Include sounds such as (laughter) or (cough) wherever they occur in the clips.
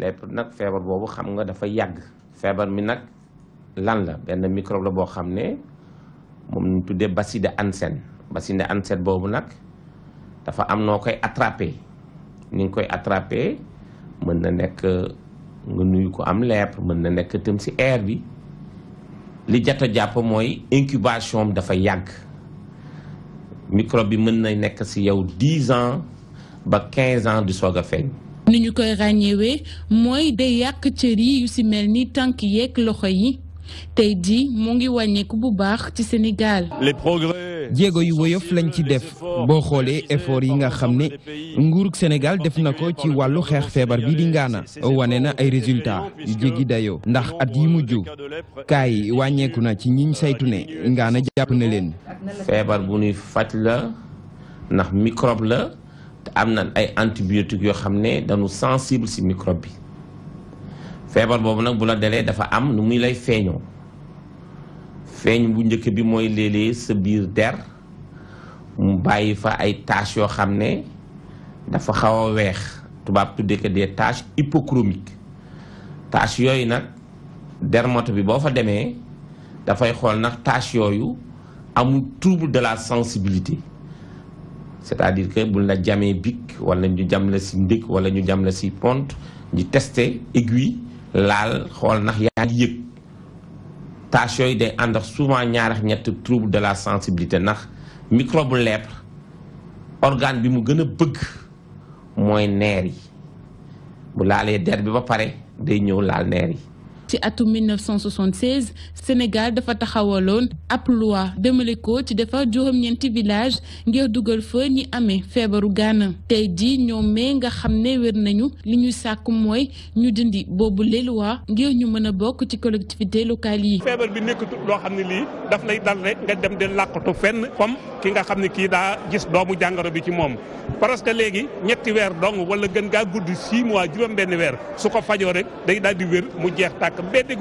lépp nag feebar boobu xam nga dafa yàgg feebar mi nag lan la benn microbe la boo xam ne moom ñu tuddee bacille de Hansen bacille de Hansen boobu nag dafa am noo koy atrape ni nga koy atrape mën na nekk nga nuyu ko am lèpre mën na nekk itam si air bi li jot a jàpp mooy incubation am dafa yàgg microbe bi mën na nekk si yow 10 ans ba 15 ans du soog a feeñ ni ñu koy ràññeewee mooy day yàq cër yi yu si mel ni tànk yeeg loxo yi tey jii mu ngi wàññeeku bu baax ci Sénégal. les progrès. jéego yu woyof lañ ci def boo xoolee effort yi nga xam ne nguurug senegal def na ko ci wàllu xeex feebar bi di ngaana wane na ay résultats yu jéggi dayoo. ndax at yi mujj kaay wàññeeku na ci ñiñ saytu ne ngaana jàpp na leen. feebar bu ñuy faj la ndax microbe la. te am na ay antibiotiques yoo xam ne dañu sensible si microbe bi feebar boobu nag bu la delee dafa am nu muy lay feeñoo feeñ bu njëkk bi mooy léeg sa biir der mu bàyyi fa ay taches yoo xam ne dafa xaw a weex tubaab tuddee ko des taches hypochromiques taches yooyu nag der moto bi boo fa demee dafay xool nag taches yooyu amul trouble de la sensibilité c'est-à-dire que vous la un bic wala ñu jam la si ou wala ñu jam la si testé aiguille laal sont yaa souvent des troubles trouble de la sensibilité les microbe lèpre organe bi mu gën a bëgg mooy neer yi bu ci atum 1976 Sénégal dafa taxawaloon ab loi demale ko ci dafa juróom-ñeenti village ngir dugal fa ñi amee feebaru gaana tey jii ñoom mee nga xam ne wér nañu li ñuy sàkk mooy ñu dindi boobu les loi ngir ñu mën a bokk ci collectivité locale yi. feebar bi nekkatu loo xam ne lii daf lay dal rek nga dem de làkkatu fenn comme ki nga xam ne kii daa gis doomu jàngoro bi ci moom parce que léegi ñetti weer dong wala gën gaa gudd six mois juróom-benn weer su ko fajoo rek day daal di wér mu jeex tàkk nekk mbedd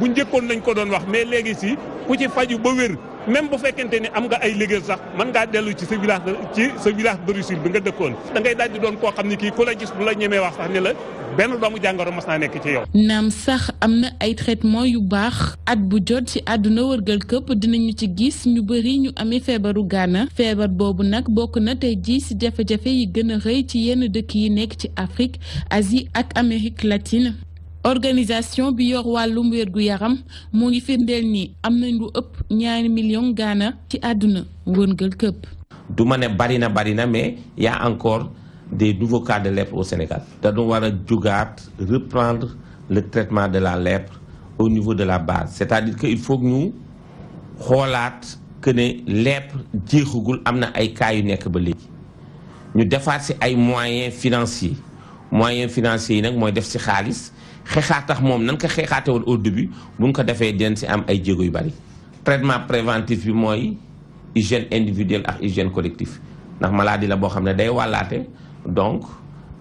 bu njëkkoon lañ ko doon wax mais léegi si ku ci faju ba wér même bu fekkente ni am nga ay liggéey sax mën ngaa dellu ci sa village ci sa village d'origine bi nga dëkkoon da ngay daal koo xam ni kii ku la gis bu la ñemee wax sax ni la benn doomu jàngoro mas naa nekk ci yow. naam sax am na ay traitement yu baax at bu jot ci àdduna wërgal këpp dinañu ci gis ñu bëri ñu amee feebaru gaana feebar boobu nag bokk na tey jii si jafe-jafe yi gën a rëy ci yenn dëkk yi nekk ci Afrique Asie ak Amérique latine. organisation bi yor wàllum wér gu yaram mo ngi firndeel ni amna nañ upp ëpp millions million ci aduna wërngël këpp. du ma ne bari na bari na mais y a encore des nouveaux cas de lèpre au Sénégal. dañu do wara jugaat reprendre le traitement de la lèpre au niveau de la base c'est-à-dire que il faut que nous xoolaat que ne lèpre jeexagul amna ay cas yu nekk ba léegi ñu defaat ci ay moyens financiers moyens financiers nak moy def ci xeexaat tax moom nan ko xeexaate woon au début buñ ko defee den si am ay jéego yu bari traitement préventif bi mooy hygiène individuelle ak hygiène collective ndax maladie la boo xam ne day wàllaate donc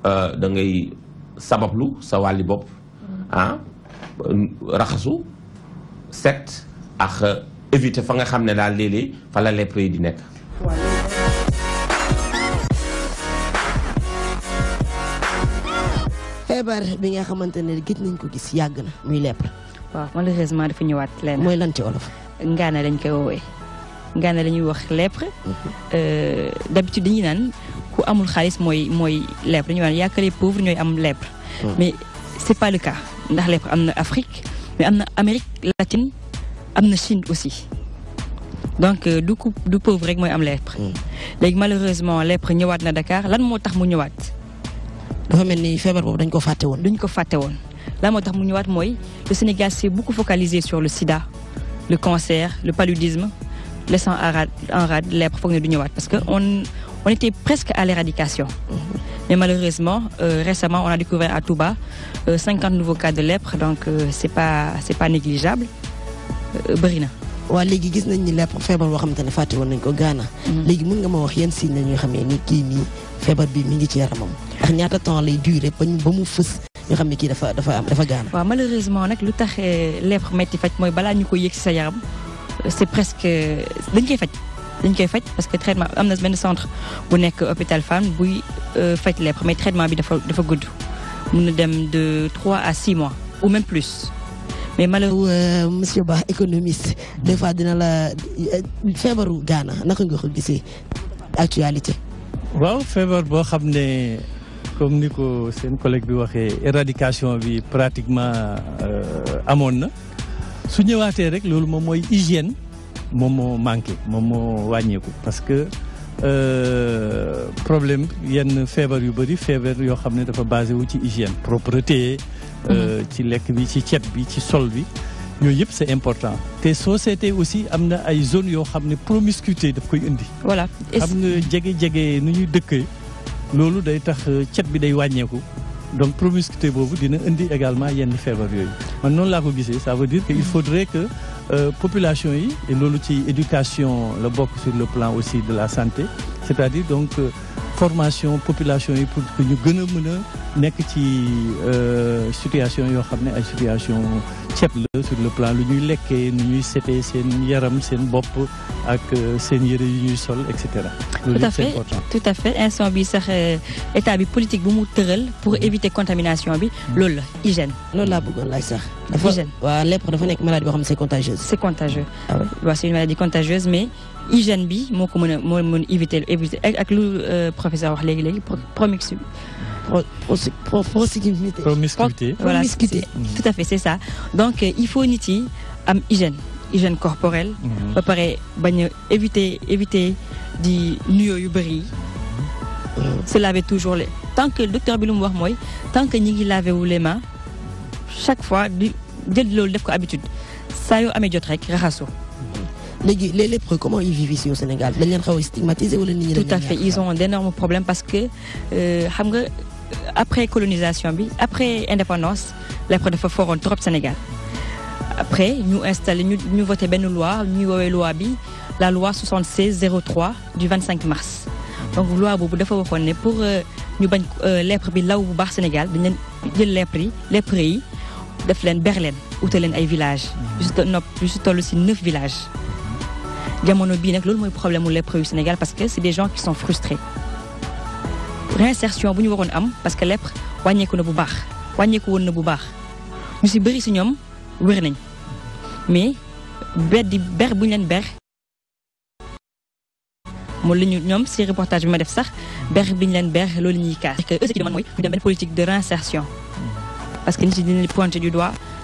euh, da ngay sabablu sa wàlli bopp ah raxasu set ak euh, éviter fa nga xam ne daal léeg-léeg fa la lèpre di nekk feebar bi nga xamante ne gëj nañ ko gis yàgg na muy lèpre. waaw malheureusement dafa ñëwaat lenn. mooy lan ci olof. ngaana lañ koy woowee. ngaana la ñuy wax lepre mhm. euh, lèpre. d'habitude dañuy naan ku amul xaalis mooy mooy lepre ñu naan yaakaar les pauvres ñooy am lepre mhm. mais c'est pas le cas ndax lepre am na Afrique mais am na Amérique latine am na Chine aussi. donc euh, du coup du pauvre rek mooy am lepre mhm. léegi malheureusement lepre ñëwaat na Dakar lan moo tax mu ñëwaat dafa mel ni feebar boobu dañ ko fàtte woon. dañ ko fàtte woon la moo tax mu ñëwaat mooy le Sénégal s'est beaucoup focalisé sur le sida le cancer le paludisme laissant en rade les rade lèpre foog ne du ñëwaat parce que mm-hmm. on on était presque à l'éradication mm-hmm. mais malheureusement euh, récemment on a découvert à Touba 50 euh, nouveaux cas de lèpre donc euh, c'est pas c'est pas négligeable euh, bëri na. waaw léegi gis nañ ni lèpre feebar boo xamante ne fàtte woon nañ ko Ghana. Mm-hmm. léegi mën nga ma wax yan signe la ñuy xamee ni kii nii feebar bi mi ngi ci yaramam ndax (laughs) ñaata temps lay durer bañ ba mu fës ñu xam ne kii dafa dafa am dafa gaana waaw malheureusement nag lu tax eh, lèpre metti faj mooy balaa ñu ko yëg si sa yaram c'est presque dañ koy faj dañ koy faj parce que traitement am na benn centre bu nekk hôpital femme buy euh, faj lèpre mais traitement bi dafa dafa gudd mun na dem de 3 à 6 mois ou même plus mais malheureusement euh, monsieur Ba économiste des fois dina la euh, feebaru gaana naka nga ko gisee actualité waaw feebar boo xam ne comme ni ko seen collègue bi waxee éradication bi pratiquement euh, amoon na su ñëwaatee rek loolu moom mooy hygiène moom moo manqué moom moo wàññeeku parce que euh, problème yenn feebar yu bëri feebar yoo xam ne dafa basé wu ci hygiène propreté euh, mhm. ci lekk bi ci cet bi ci sol bi yooyu yëpp c'est important te société aussi am na ay zones yoo xam ne promiscuité daf koy indi. xam nga jege jege nu ñuy dëkkee. lolu day tax euh, cet bi day wàññeeku donc promiscuité bobu dina indi également yenn feebar yoyu man non la ko gisee ça veut dire qu'il faudrait que euh, population yi et lolu ci éducation la bokk sur le plan aussi de la santé c'est-à-dire donc euh, formation population yi pour que ñu gën a mën a nekk ci euh, situation yoo xam ne ay situation ceeb la sur le plan lu ñuy lekkee nu ñuy setee seen yaram seen bopp ak euh, seen yëre yu ñuy sol et cetera. loolu c'est tout à fait instant bi sax euh, état bi politique bu mu tëral pour mm. éviter contamination bi. Mm. loolu la hygiène. loolu laa bëggoon laaj sax. hygiène dafa waaw lèpre dafa nekk maladie boo xam ne c'est contagieuse. c'est contagieux. ah oui c'est une maladie contagieuse mais hygiène bi moko ko mo meun éviter éviter ak lu euh, professeur wax léegi léegi promiscuité promiscuité voilà tout à fait c'est ça donc euh, il faut nit am hygiène hygiène corporelle mhm. ba pare bañ éviter éviter di nuyo yu bëri yi se laver toujours les tant que le docteur bi lu wax mooy tant que ñi ngi laver wu les mains chaque fois di jël loolu def ko habitude saa yo amé jot rek raxasu les lépreux comment ils vivent ici au Sénégal dañ xaw stigmatisés stigmatiser wala nit tout à fait ils ont d'énormes problèmes parce que euh, xam nga après colonisation bi après indépendance lépreux dafa foroon trop Sénégal après nous installons, nous ñu voté benn loi ñuy loi la loi 7603 du 25 mars donc loi pour les lépreux là où law bu baax Sénégal les lépreux les lèpre de Berlin, yi def leen un village. utal ay villages. Mm-hmm. villages jamono bi nak loolu mooy problème mu lépreux yu Sénégal parce que c'est des gens qui sont frustrés réinsertion bu ñu waroon am parce que lèpre wàññeeku na bu baax wàññeeku woon na bu baax ñu ci bëri ci ñoom wér nañ mais beddi ber bu ñu leen ber moom la ñu ñoom ci reportage bi ma def sax ber bi ñu leen ber loolu ñuy kaas que eux ce qui demandent mooy ñu dem politique de réinsertion parce que nit ñi dinañ pointer du doigt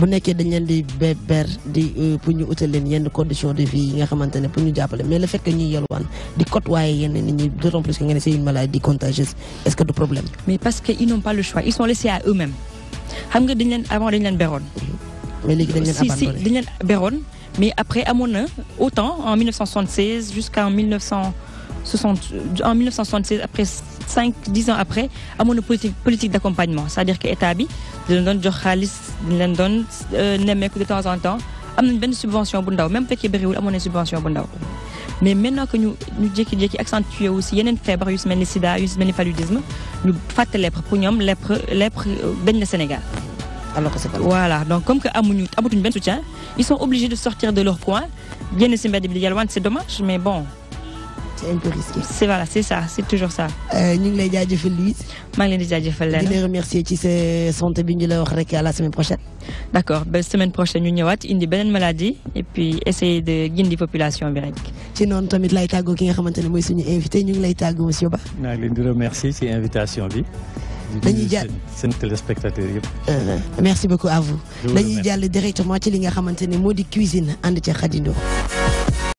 bu nekkee dañ leen di beber di euh, pour ñu utal leen yenn condition de vie yi nga xamante ne pour ñu jàppale mais le fait que ñuy yalwaan di côtoyer yenn nit ñi d'autant plus que nga ne c'est une maladie contagieuse est-ce que du problème. mais parce que ils n'ont pas le choix ils sont laissés à eux-mêmes xam nga dañ leen avant dañ leen beroon. Mm-hmm. mais légui dañ leen abandonné si si dañ leen beroon mais après amoon autant en 1976 jusqu'en 1900 en 1976 après 5 10 ans après amoon une politique politique d'accompagnement c'est-à-dire que état bi dina doon jox euh, de temps en temps a donné des subvention bu ndaw même fekkee a donné des subvention à ndaw mais maintenant que ñu ñu jékki-jékki accentuer aussi yeneen fièvre, yu si mel ni sida yu si mel ni paludisme fait pour les lèpre lèpre dañ le Sénégal alors que voilà donc comme que amuñu amatuñu ben soutien ils sont obligés de sortir de leur coin Bien si mbedd bi c'est dommage mais bon c'est un peu risqué. c'est voilà c'est ça c'est toujours ça. Euh, ñu ngi lay jaajëfal Louise. maa ngi leen di jaajëfal leen di remercier ci sa santé bi ñu la wax rek à la semaine prochaine. d'accord accord semaine prochaine ñu ñëwaat indi bonne maladie et puis essayer de la population bi rek. ci noonu tamit lay tàggoo ki nga xamante ne mooy suñu invité ñu ngi lay aussi au Ba. maa ngi di remercier ci invitation bi. dañuy jàll seen euh, merci beaucoup à vous. dañuy jàll directement ci li nga xamante ne cuisine